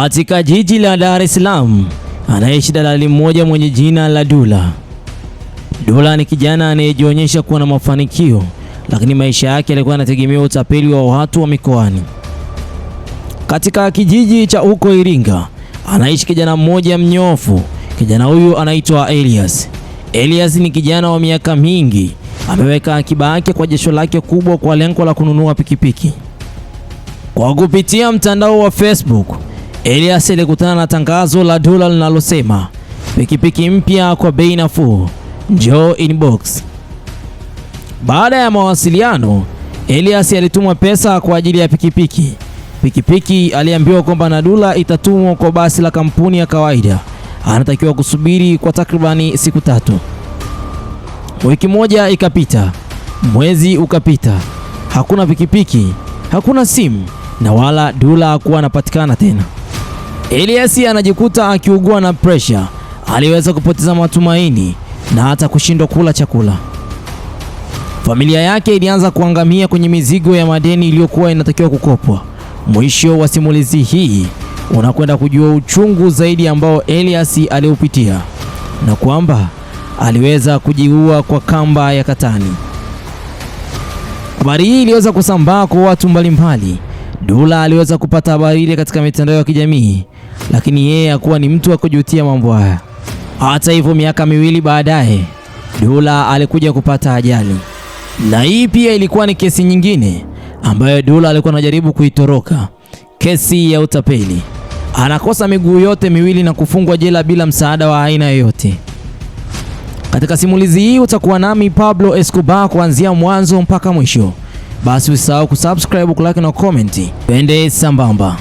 Katika jiji la Dar es Salaam anaishi dalali mmoja mwenye jina la Dula. Dula ni kijana anayejionyesha kuwa na mafanikio, lakini maisha yake yalikuwa yanategemea utapeli wa watu wa mikoani. Katika kijiji cha huko Iringa anaishi kijana mmoja mnyofu. Kijana huyu anaitwa Elias. Elias ni kijana wa miaka mingi, ameweka akiba yake kwa jasho lake kubwa kwa lengo la kununua pikipiki. Kwa kupitia mtandao wa Facebook Elias alikutana na tangazo la dola linalosema pikipiki mpya kwa bei nafuu, njoo inbox. Baada ya mawasiliano, Elias alitumwa pesa kwa ajili ya pikipiki. Pikipiki aliambiwa kwamba Nadula itatumwa kwa basi la kampuni ya kawaida, anatakiwa kusubiri kwa takribani siku tatu. Wiki moja ikapita, mwezi ukapita, hakuna pikipiki, hakuna simu na wala Dula hakuwa anapatikana tena. Eliasi anajikuta akiugua na presha, aliweza kupoteza matumaini na hata kushindwa kula chakula. Familia yake ilianza kuangamia kwenye mizigo ya madeni iliyokuwa inatakiwa kukopwa. Mwisho wa simulizi hii unakwenda kujua uchungu zaidi ambao Elias aliupitia na kwamba aliweza kujiua kwa kamba ya katani. Habari hii iliweza kusambaa kwa watu mbalimbali. Dula aliweza kupata habari ile katika mitandao ya kijamii lakini yeye hakuwa ni mtu wa kujutia mambo haya. Hata hivyo, miaka miwili baadaye Dula alikuja kupata ajali, na hii pia ilikuwa ni kesi nyingine ambayo Dula alikuwa anajaribu kuitoroka, kesi ya utapeli. Anakosa miguu yote miwili na kufungwa jela bila msaada wa aina yoyote. Katika simulizi hii utakuwa nami Pablo Escobar kuanzia mwanzo mpaka mwisho. Basi usisahau kusubscribe, kulike na comment, twende sambamba.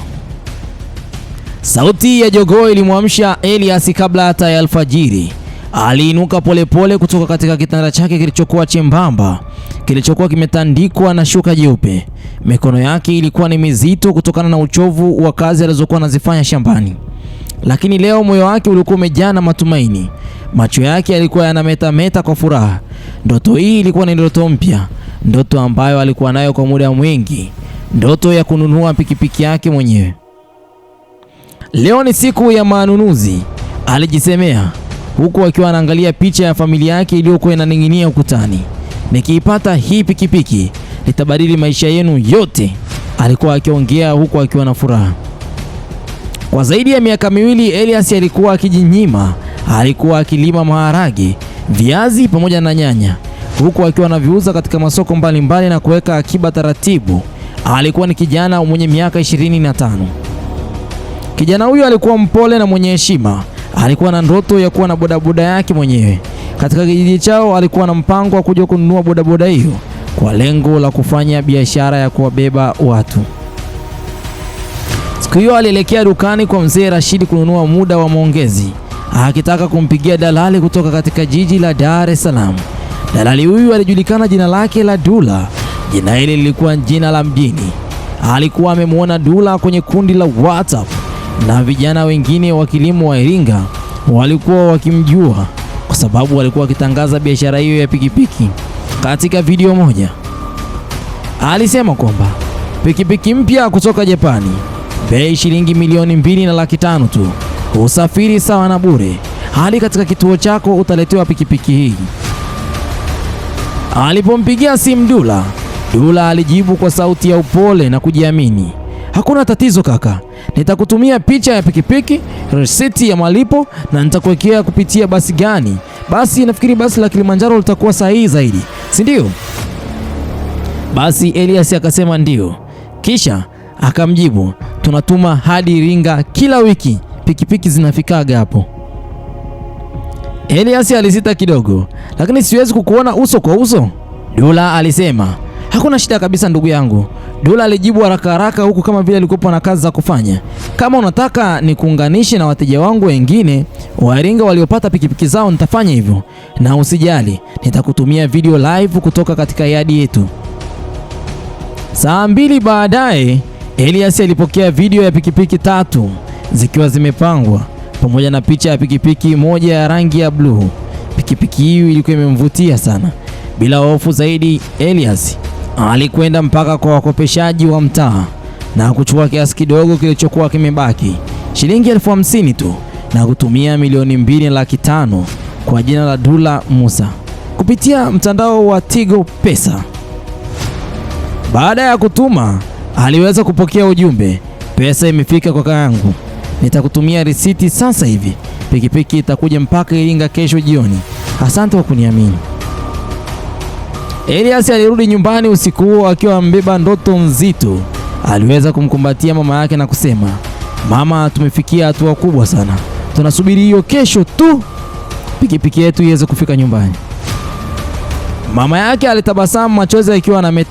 Sauti ya jogoo ilimwamsha Elias kabla hata ya alfajiri. Aliinuka polepole kutoka katika kitanda chake kilichokuwa chembamba kilichokuwa kimetandikwa na shuka jeupe. Mikono yake ilikuwa ni mizito kutokana na uchovu wa kazi alizokuwa anazifanya shambani, lakini leo moyo wake ulikuwa umejaa na matumaini. Macho yake yalikuwa yanametameta kwa furaha. Ndoto hii ilikuwa ni ndoto mpya, ndoto ambayo alikuwa nayo kwa muda mwingi, ndoto ya kununua pikipiki yake mwenyewe. Leo ni siku ya manunuzi, alijisemea huku akiwa anaangalia picha ya familia yake iliyokuwa inaning'inia ukutani. Nikiipata hii pikipiki nitabadili maisha yenu yote, alikuwa akiongea huku akiwa na furaha. Kwa zaidi ya miaka miwili Elias alikuwa akijinyima, alikuwa akilima maharage, viazi pamoja na nyanya, huku akiwa anaviuza katika masoko mbalimbali mbali na kuweka akiba taratibu. Alikuwa ni kijana mwenye miaka ishirini na tano. Kijana huyo alikuwa mpole na mwenye heshima. Alikuwa na ndoto ya kuwa na bodaboda yake mwenyewe. Katika kijiji chao alikuwa na mpango wa kuja kununua bodaboda hiyo kwa lengo la kufanya biashara ya kuwabeba watu. Siku hiyo alielekea dukani kwa mzee Rashidi kununua muda wa maongezi, akitaka kumpigia dalali kutoka katika jiji la Dar es Salaam. Dalali huyu alijulikana jina lake la Dula. Jina hili lilikuwa jina la mjini. Alikuwa amemwona Dula kwenye kundi la WhatsApp na vijana wengine wa kilimo wa Iringa walikuwa wakimjua kwa sababu walikuwa wakitangaza biashara hiyo ya pikipiki. Katika video moja alisema kwamba pikipiki mpya kutoka Japani, bei shilingi milioni mbili na laki tano tu, usafiri sawa na bure, hadi katika kituo chako utaletewa pikipiki hii. Alipompigia simu Dula, Dula alijibu kwa sauti ya upole na kujiamini, hakuna tatizo kaka Nitakutumia picha ya pikipiki, risiti ya malipo na nitakuwekea kupitia basi gani. Basi nafikiri basi la Kilimanjaro litakuwa sahihi zaidi, si ndio? Basi Elias akasema ndio, kisha akamjibu, tunatuma hadi Iringa kila wiki, pikipiki zinafikaga hapo. Elias alisita kidogo, lakini siwezi kukuona uso kwa uso. Dula alisema, hakuna shida kabisa ndugu yangu, Dula alijibu haraka haraka huku kama vile alikuwa na kazi za kufanya. Kama unataka nikuunganishe na wateja wangu wengine wa Iringa waliopata pikipiki zao, nitafanya hivyo, na usijali, nitakutumia video live kutoka katika yadi yetu. Saa mbili baadaye Elias alipokea video ya pikipiki tatu zikiwa zimepangwa pamoja na picha ya pikipiki moja ya rangi ya bluu. Pikipiki hiyo ilikuwa imemvutia sana. Bila hofu zaidi, Elias alikwenda mpaka kwa wakopeshaji wa mtaa na kuchukua kiasi kidogo kilichokuwa kimebaki, shilingi elfu hamsini tu, na kutumia milioni mbili laki tano kwa jina la Dula Musa kupitia mtandao wa Tigo Pesa. Baada ya kutuma, aliweza kupokea ujumbe, pesa imefika kwa kaangu, nitakutumia risiti sasa hivi, pikipiki itakuja mpaka Iringa kesho jioni. Asante kwa kuniamini. Elias alirudi nyumbani usiku huo akiwa amebeba ndoto nzito. Aliweza kumkumbatia mama yake na kusema, mama, tumefikia hatua kubwa sana, tunasubiri hiyo kesho tu pikipiki yetu iweze kufika nyumbani. Mama yake alitabasamu, machozi akiwa na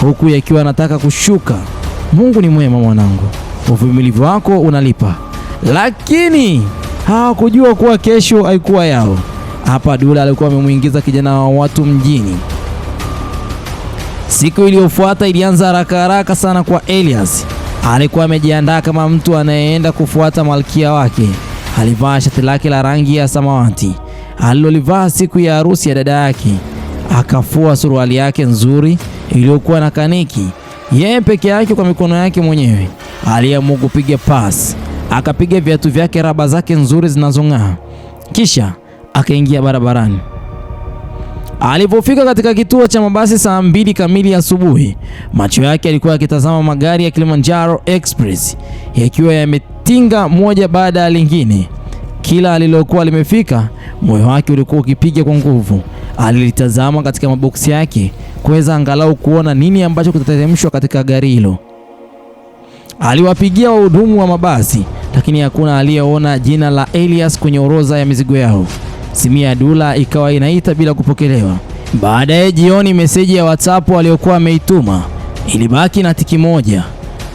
huku yakiwa anataka kushuka. Mungu ni mwema mwanangu, uvumilivu wako unalipa. Lakini hawakujua kuwa kesho haikuwa yao. Hapa Dula alikuwa amemwingiza kijana wa watu mjini Siku iliyofuata ilianza haraka haraka sana kwa Elias. Alikuwa amejiandaa kama mtu anayeenda kufuata malkia wake. Alivaa shati lake la rangi ya samawati alilolivaa siku ya harusi ya dada yake, akafua suruali yake nzuri iliyokuwa na kaniki. Yeye peke yake kwa mikono yake mwenyewe aliamua kupiga pasi, akapiga viatu vyake raba zake nzuri zinazong'aa, kisha akaingia barabarani. Alipofika katika kituo cha mabasi saa mbili kamili asubuhi, macho yake yalikuwa yakitazama magari ya Kilimanjaro Express yakiwa yametinga moja baada ya lingine. Kila alilokuwa limefika, moyo wake ulikuwa ukipiga kwa nguvu. Alilitazama katika maboksi yake kuweza angalau kuona nini ambacho kitateremshwa katika gari hilo. Aliwapigia wahudumu wa mabasi, lakini hakuna aliyeona jina la Elias kwenye orodha ya mizigo yao. Simia ya Dula ikawa inaita bila kupokelewa. Baadaye jioni, meseji ya WhatsApp aliyokuwa ameituma ilibaki na tiki moja.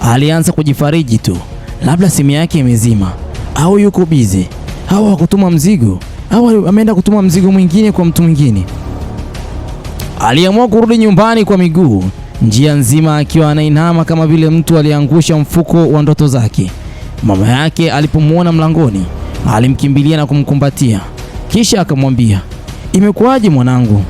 Alianza kujifariji tu, labda simu yake imezima au yuko bize au hakutuma mzigo au ameenda kutuma mzigo mwingine kwa mtu mwingine. Aliamua kurudi nyumbani kwa miguu, njia nzima akiwa anainama kama vile mtu aliangusha mfuko wa ndoto zake. Mama yake alipomwona mlangoni, alimkimbilia na kumkumbatia. Kisha akamwambia, imekuwaje mwanangu?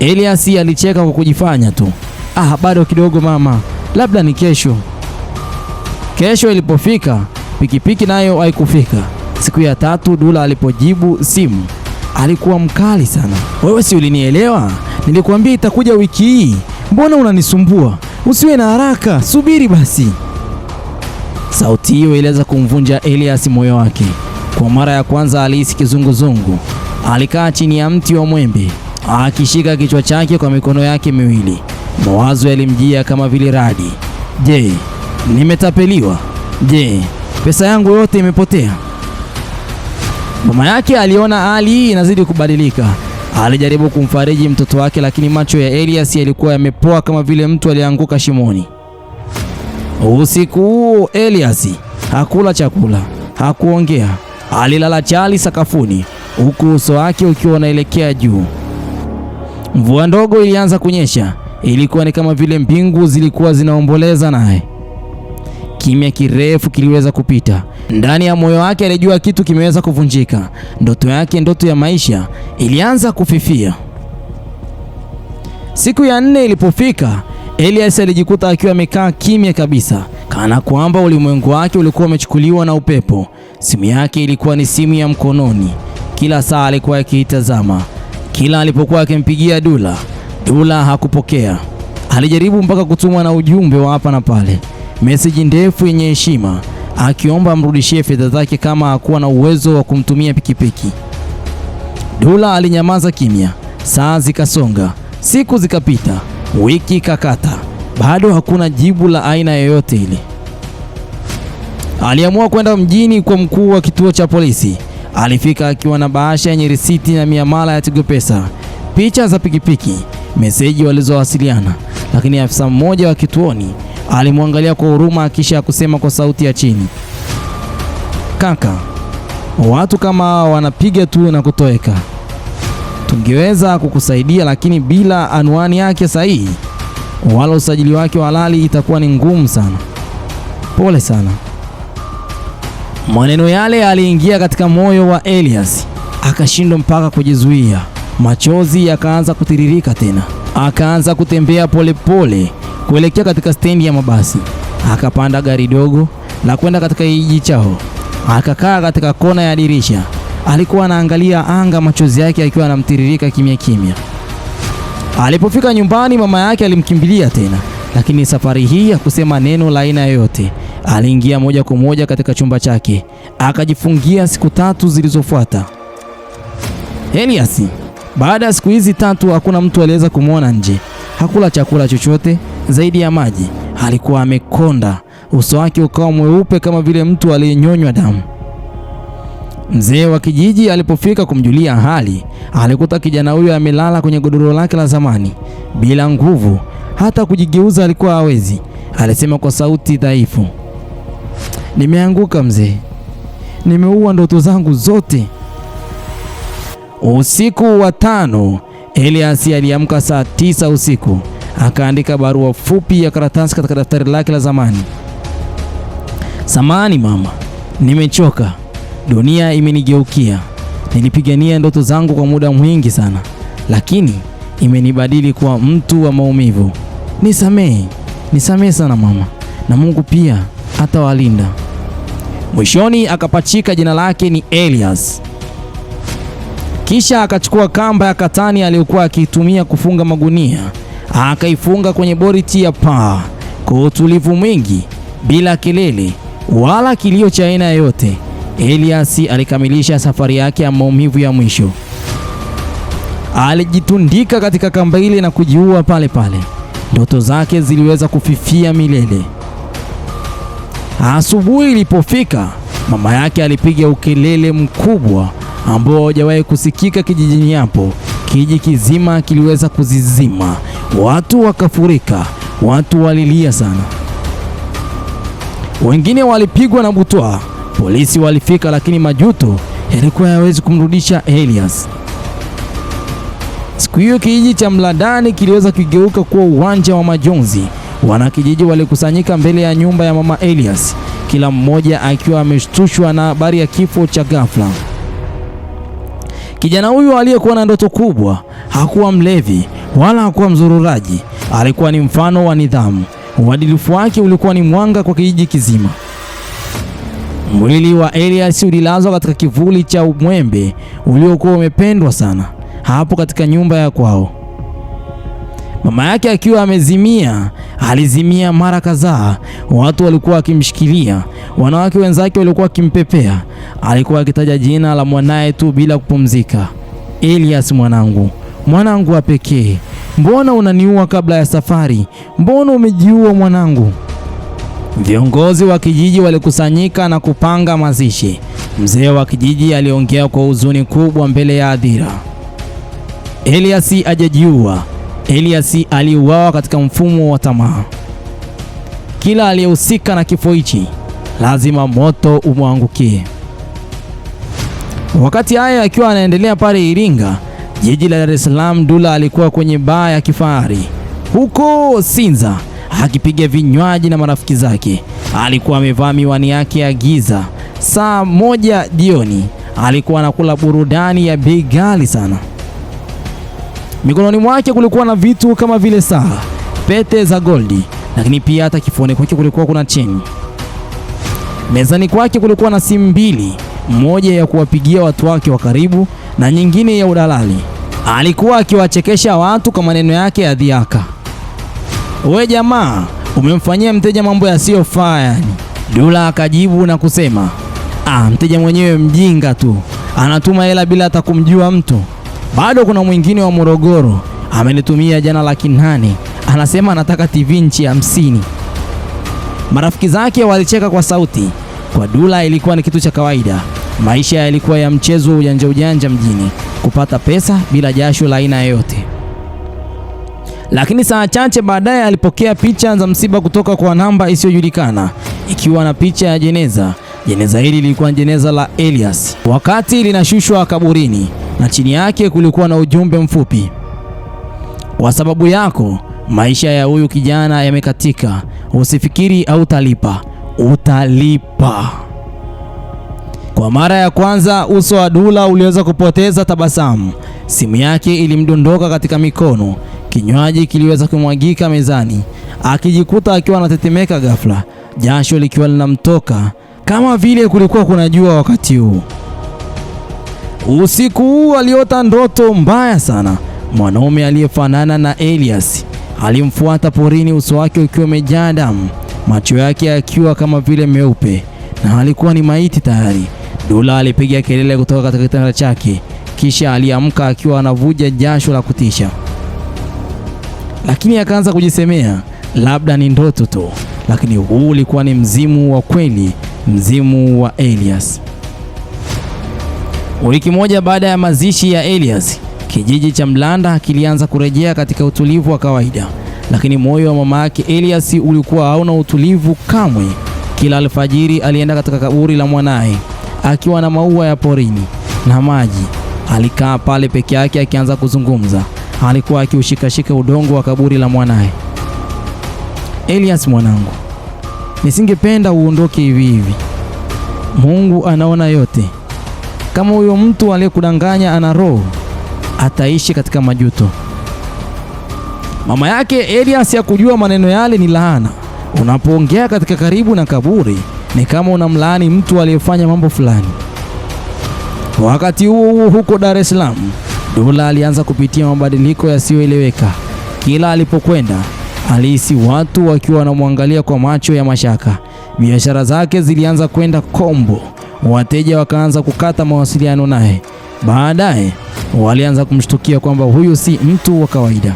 Elias alicheka kwa kujifanya tu, ah, bado kidogo mama, labda ni kesho. Kesho ilipofika, pikipiki nayo haikufika. Siku ya tatu Dula alipojibu simu alikuwa mkali sana. Wewe si ulinielewa? Nilikwambia itakuja wiki hii, mbona unanisumbua? Usiwe na haraka, subiri basi. Sauti hiyo iliweza kumvunja Elias moyo wake. Kwa mara ya kwanza alihisi kizunguzungu. Alikaa chini ya mti wa mwembe akishika kichwa chake kwa mikono yake miwili. Mawazo yalimjia kama vile radi. Je, nimetapeliwa? Je, pesa yangu yote imepotea? Mama yake aliona hali hii inazidi kubadilika. Alijaribu kumfariji mtoto wake, lakini macho ya Elias yalikuwa yamepoa kama vile mtu alianguka shimoni. Usiku huo Elias hakula chakula, hakuongea. Alilala chali sakafuni huku uso wake ukiwa unaelekea juu. Mvua ndogo ilianza kunyesha, ilikuwa ni kama vile mbingu zilikuwa zinaomboleza naye. Kimya kirefu kiliweza kupita ndani ya moyo wake. Alijua kitu kimeweza kuvunjika. Ndoto yake, ndoto ya maisha ilianza kufifia. Siku ya nne ilipofika, Elias alijikuta akiwa amekaa kimya kabisa, kana kwamba ulimwengu wake ulikuwa umechukuliwa na upepo. Simu yake ilikuwa ni simu ya mkononi, kila saa alikuwa akiitazama. Kila alipokuwa akimpigia Dula, Dula hakupokea. Alijaribu mpaka kutumwa na ujumbe wa hapa na pale, meseji ndefu yenye heshima, akiomba amrudishie fedha zake kama hakuwa na uwezo wa kumtumia pikipiki. Dula alinyamaza kimya. Saa zikasonga, siku zikapita, wiki kakata, bado hakuna jibu la aina yoyote ile aliamua kwenda mjini kwa mkuu wa kituo cha polisi. Alifika akiwa na bahasha yenye risiti na miamala ya Tigo Pesa, picha za pikipiki, meseji walizowasiliana, lakini afisa mmoja wa kituoni alimwangalia kwa huruma, kisha kusema kwa sauti ya chini, kaka, watu kama hawa wanapiga tu na kutoweka. Tungeweza kukusaidia, lakini bila anwani yake sahihi wala usajili wake wa halali itakuwa ni ngumu sana. Pole sana. Maneno yale aliingia katika moyo wa Elias, akashindwa mpaka kujizuia. Machozi yakaanza kutiririka tena, akaanza kutembea polepole pole kuelekea katika stendi ya mabasi. Akapanda gari dogo la kwenda katika kijiji chao, akakaa katika kona ya dirisha. Alikuwa anaangalia anga, machozi yake akiwa yanamtiririka kimya kimya. Alipofika nyumbani, mama yake alimkimbilia tena, lakini safari hii hakusema neno la aina yoyote aliingia moja kwa moja katika chumba chake akajifungia siku tatu zilizofuata. Elias baada ya siku hizi tatu hakuna mtu aliweza kumwona nje. Hakula chakula chochote zaidi ya maji, alikuwa amekonda, uso wake ukawa mweupe kama vile mtu aliyenyonywa damu. Mzee wa kijiji alipofika kumjulia hali, alikuta kijana huyo amelala kwenye godoro lake la zamani bila nguvu, hata kujigeuza alikuwa hawezi. Alisema kwa sauti dhaifu, nimeanguka mzee, nimeua ndoto zangu zote. Usiku wa tano, Elias aliamka saa tisa usiku akaandika barua fupi ya karatasi katika daftari lake la zamani. Samani mama, nimechoka. Dunia imenigeukia. Nilipigania ndoto zangu kwa muda mwingi sana, lakini imenibadili kuwa mtu wa maumivu. Nisamehe, nisamehe sana mama, na Mungu pia atawalinda. Mwishoni akapachika jina lake ni Elias. Kisha akachukua kamba ya katani aliyokuwa akitumia kufunga magunia, akaifunga kwenye boriti ya paa kwa utulivu mwingi, bila kelele wala kilio cha aina yoyote. Elias alikamilisha safari yake ya maumivu ya mwisho. Alijitundika katika kamba ile na kujiua pale pale. Ndoto zake ziliweza kufifia milele. Asubuhi ilipofika, mama yake alipiga ukelele mkubwa ambao hawajawahi kusikika kijijini hapo. Kijiji kizima kiliweza kuzizima, watu wakafurika, watu walilia sana, wengine walipigwa na butwa. Polisi walifika, lakini majuto yalikuwa hayawezi kumrudisha Elias. Siku hiyo kijiji cha Mladani kiliweza kugeuka kuwa uwanja wa majonzi. Wanakijiji walikusanyika mbele ya nyumba ya mama Elias, kila mmoja akiwa ameshtushwa na habari ya kifo cha ghafla. Kijana huyu aliyekuwa na ndoto kubwa hakuwa mlevi wala hakuwa mzururaji. Alikuwa ni mfano wa nidhamu. Uadilifu wake ulikuwa ni mwanga kwa kijiji kizima. Mwili wa Elias ulilazwa katika kivuli cha mwembe uliokuwa umependwa sana hapo katika nyumba ya kwao. Mama yake akiwa amezimia, alizimia mara kadhaa, watu walikuwa wakimshikilia, wanawake wenzake walikuwa wakimpepea. Alikuwa akitaja jina la mwanaye tu bila kupumzika. Elias, mwanangu, mwanangu wa pekee, mbona unaniua kabla ya safari? Mbona umejiua mwanangu? Viongozi wa kijiji walikusanyika na kupanga mazishi. Mzee wa kijiji aliongea kwa huzuni kubwa mbele ya hadhira, Elias ajajiua Elias aliyeuawa katika mfumo wa tamaa. Kila aliyehusika na kifo hichi lazima moto umwangukie. Wakati hayo akiwa anaendelea pale Iringa, jiji la Dar es Salaam, Dula alikuwa kwenye baa ya kifahari huko Sinza akipiga vinywaji na marafiki zake. Alikuwa amevaa miwani yake ya giza. Saa moja jioni alikuwa anakula burudani ya bei ghali sana. Mikononi mwake kulikuwa na vitu kama vile saa, pete za goldi, lakini pia hata kifuani kwake kulikuwa kuna cheni. Mezani kwake kulikuwa na simu mbili, moja ya kuwapigia watu wake wa karibu na nyingine ya udalali. Alikuwa akiwachekesha watu kwa maneno yake ya dhiaka. We jamaa, umemfanyia mteja mambo yasiyofaa yani. Dula akajibu na kusema, ah, mteja mwenyewe mjinga tu, anatuma hela bila hata kumjua mtu. Bado kuna mwingine wa Morogoro amenitumia jana laki nane, anasema anataka TV nchi hamsini. Marafiki zake walicheka kwa sauti. Kwa Dula ilikuwa ni kitu cha kawaida. Maisha yalikuwa ya mchezo wa ujanja ujanja mjini, kupata pesa bila jasho la aina yoyote. Lakini saa chache baadaye alipokea picha za msiba kutoka kwa namba isiyojulikana ikiwa na picha ya jeneza. Jeneza hili lilikuwa jeneza la Elias wakati linashushwa kaburini na chini yake kulikuwa na ujumbe mfupi: kwa sababu yako maisha ya huyu kijana yamekatika, usifikiri au utalipa, utalipa. Kwa mara ya kwanza uso wa Dula uliweza kupoteza tabasamu. Simu yake ilimdondoka katika mikono, kinywaji kiliweza kumwagika mezani, akijikuta akiwa anatetemeka ghafla, jasho likiwa linamtoka kama vile kulikuwa kuna jua wakati huu. Usiku huu aliota ndoto mbaya sana. Mwanaume aliyefanana na Elias alimfuata porini, uso wake ukiwa umejaa damu, macho yake akiwa kama vile meupe, na alikuwa ni maiti tayari. Dula alipiga kelele kutoka katika kitanda chake, kisha aliamka akiwa anavuja jasho la kutisha, lakini akaanza kujisemea, labda ni ndoto tu. Lakini huu ulikuwa ni mzimu wa kweli, mzimu wa Elias. Wiki moja baada ya mazishi ya Elias, kijiji cha Mlanda kilianza kurejea katika utulivu wa kawaida, lakini moyo wa mama yake Elias ulikuwa hauna utulivu kamwe. Kila alfajiri alienda katika kaburi la mwanaye akiwa na maua ya porini na maji. Alikaa pale peke yake akianza kuzungumza. Alikuwa akiushikashika udongo wa kaburi la mwanaye. Elias, mwanangu, nisingependa uondoke hivi hivi. Mungu anaona yote. Kama huyo mtu aliyekudanganya ana roho, ataishi katika majuto. Mama yake Elias ya kujua maneno yale ni laana. Unapoongea katika karibu na kaburi, ni kama unamlaani mtu aliyefanya mambo fulani. Wakati huo huo, huko Dar es Salaam, Dula alianza kupitia mabadiliko yasiyoeleweka. Kila alipokwenda alihisi watu wakiwa wanamwangalia kwa macho ya mashaka. Biashara zake zilianza kwenda kombo wateja wakaanza kukata mawasiliano naye. Baadaye walianza kumshtukia kwamba huyu si mtu wa kawaida.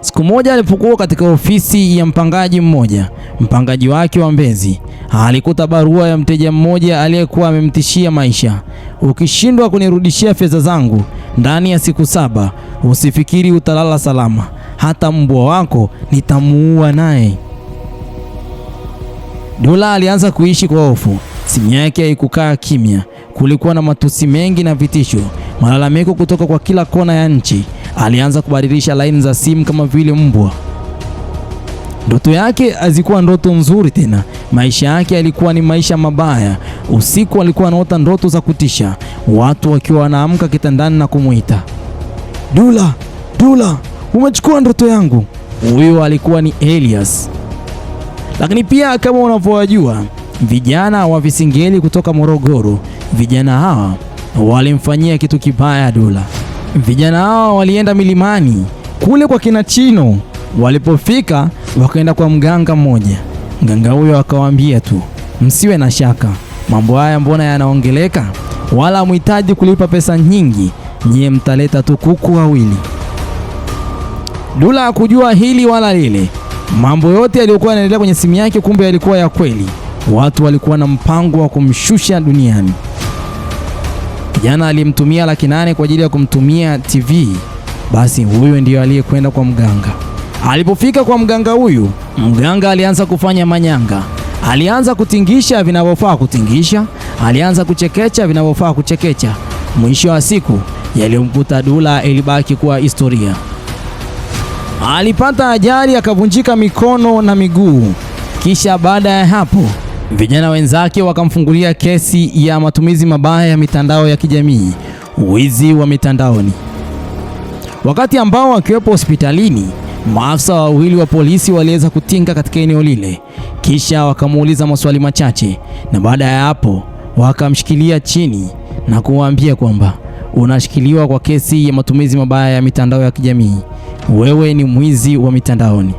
Siku moja alipokuwa katika ofisi ya mpangaji mmoja, mpangaji wake wa Mbezi alikuta barua ya mteja mmoja aliyekuwa amemtishia maisha: ukishindwa kunirudishia fedha zangu ndani ya siku saba, usifikiri utalala salama, hata mbwa wako nitamuua naye. Dula alianza kuishi kwa hofu. Simu yake haikukaa kimya. Kulikuwa na matusi mengi na vitisho, malalamiko kutoka kwa kila kona ya nchi. Alianza kubadilisha laini za simu kama vile mbwa. Ndoto yake hazikuwa ndoto nzuri tena. Maisha yake yalikuwa ni maisha mabaya. Usiku alikuwa anaota ndoto za kutisha, watu wakiwa wanaamka kitandani na kumwita Dula, Dula, umechukua ndoto yangu. Huyo alikuwa ni Elias, lakini pia kama unavyowajua vijana wa Visingeli kutoka Morogoro, vijana hawa walimfanyia kitu kibaya Dula. Vijana hawa walienda milimani kule kwa kina Chino, walipofika wakaenda kwa mganga mmoja. Mganga huyo akawaambia tu, msiwe na shaka, mambo haya mbona yanaongeleka, wala mhitaji kulipa pesa nyingi, nyie mtaleta tu kuku wawili. Dula hakujua hili wala lile, Mambo yote yaliyokuwa yanaendelea kwenye simu yake kumbe yalikuwa ya kweli. Watu walikuwa na mpango wa kumshusha duniani. Kijana aliyemtumia laki nane kwa ajili ya kumtumia TV, basi huyo ndiyo aliyekwenda kwa mganga. Alipofika kwa mganga huyu, mganga alianza kufanya manyanga. Alianza kutingisha vinavyofaa kutingisha, alianza kuchekecha vinavyofaa kuchekecha. Mwisho wa siku, yaliyomkuta Dula ilibaki kuwa historia alipata ajali akavunjika mikono na miguu. Kisha baada ya hapo vijana wenzake wakamfungulia kesi ya matumizi mabaya ya mitandao ya kijamii, wizi wa mitandaoni. Wakati ambao wakiwepo hospitalini, maafisa wawili wa polisi waliweza kutinga katika eneo lile, kisha wakamuuliza maswali machache, na baada ya hapo wakamshikilia chini na kuwaambia kwamba unashikiliwa kwa kesi ya matumizi mabaya ya mitandao ya kijamii wewe ni mwizi wa mitandaoni.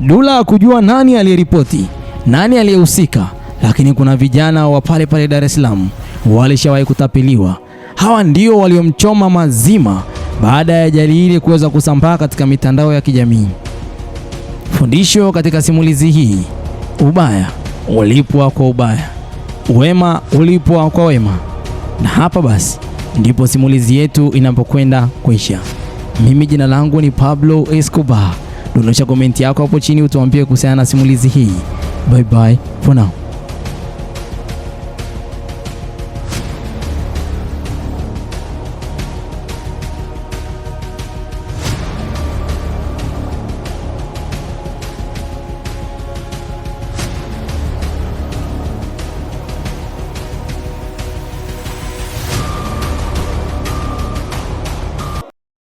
Dula hakujua nani aliyeripoti, nani aliyehusika, lakini kuna vijana wa pale pale Dar es Salaam walishawahi kutapiliwa Hawa ndio waliomchoma mazima baada ya ajali ile kuweza kusambaa katika mitandao ya kijamii. Fundisho katika simulizi hii: ubaya ulipwa kwa ubaya, wema ulipwa kwa wema. Na hapa basi ndipo simulizi yetu inapokwenda kuisha. Mimi jina langu ni Pablo Escobar. Dondosha komenti yako hapo chini utuambie kuhusiana na simulizi hii. Bye bye for now.